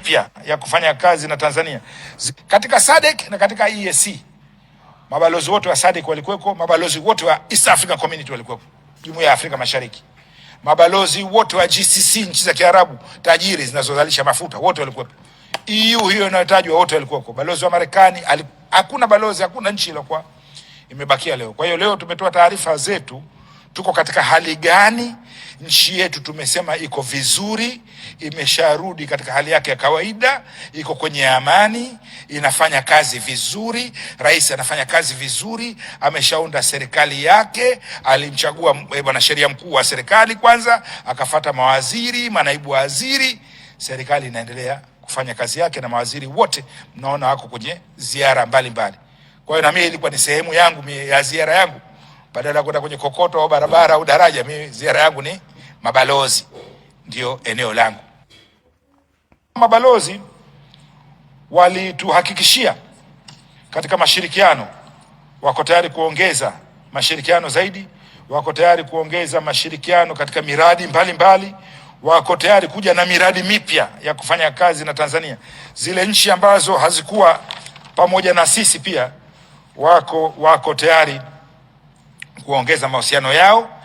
mpya ya kufanya kazi na Tanzania katika SADC na katika EAC. Mabalozi wote wa SADC walikuweko, mabalozi wote wa East Africa Community walikuweko, Jumuiya ya Afrika Mashariki, mabalozi wote wa GCC, nchi za Kiarabu tajiri zinazozalisha mafuta, wote walikuwepo. EU hiyo inayotajwa, wote walikuweko. Balozi wa Marekani, hakuna balozi, hakuna nchi iliyokuwa imebakia leo. Kwa hiyo leo tumetoa taarifa zetu, tuko katika hali gani? Nchi yetu tumesema iko vizuri, imesharudi katika hali yake ya kawaida, iko kwenye amani, inafanya kazi vizuri. Rais anafanya kazi vizuri, ameshaunda serikali yake, alimchagua mwanasheria eh, mkuu wa serikali kwanza, akafata mawaziri, manaibu waziri. Serikali inaendelea kufanya kazi yake na mawaziri wote mnaona wako kwenye ziara mbalimbali. Kwa hiyo na mimi ilikuwa ni sehemu yangu ya ziara yangu, badala ya kwenda kwenye kokoto au barabara au daraja, mimi ziara yangu ni mabalozi, ndio eneo langu. Mabalozi walituhakikishia katika mashirikiano, wako tayari kuongeza mashirikiano zaidi, wako tayari kuongeza mashirikiano katika miradi mbalimbali mbali, wako tayari kuja na miradi mipya ya kufanya kazi na Tanzania. Zile nchi ambazo hazikuwa pamoja na sisi pia wako wako tayari kuongeza mahusiano yao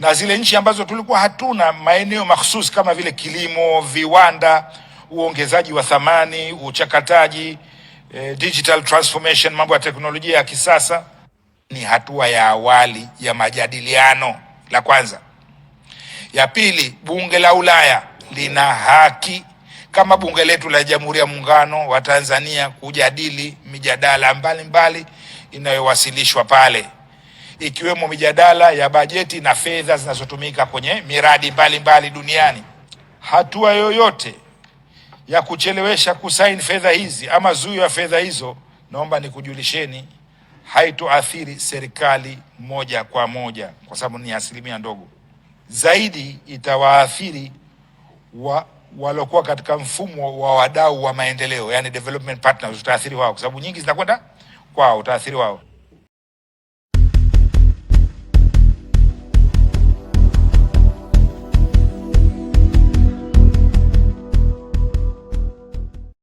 na zile nchi ambazo tulikuwa hatuna maeneo mahususi kama vile kilimo, viwanda, uongezaji wa thamani, uchakataji, eh, digital transformation, mambo ya teknolojia ya kisasa, ni hatua ya awali ya majadiliano. La kwanza. Ya pili, bunge la Ulaya lina haki kama bunge letu la Jamhuri ya Muungano wa Tanzania kujadili mijadala mbalimbali inayowasilishwa pale ikiwemo mijadala ya bajeti na fedha zinazotumika kwenye miradi mbalimbali mbali duniani. Hatua yoyote ya kuchelewesha kusaini fedha hizi ama zuio ya fedha hizo, naomba nikujulisheni, haitoathiri serikali moja kwa moja kwa sababu ni asilimia ndogo zaidi. Itawaathiri wa waliokuwa katika mfumo wa wadau wa maendeleo, yani development partners, utaathiri wao kwa sababu nyingi zinakwenda kwao, utaathiri wao.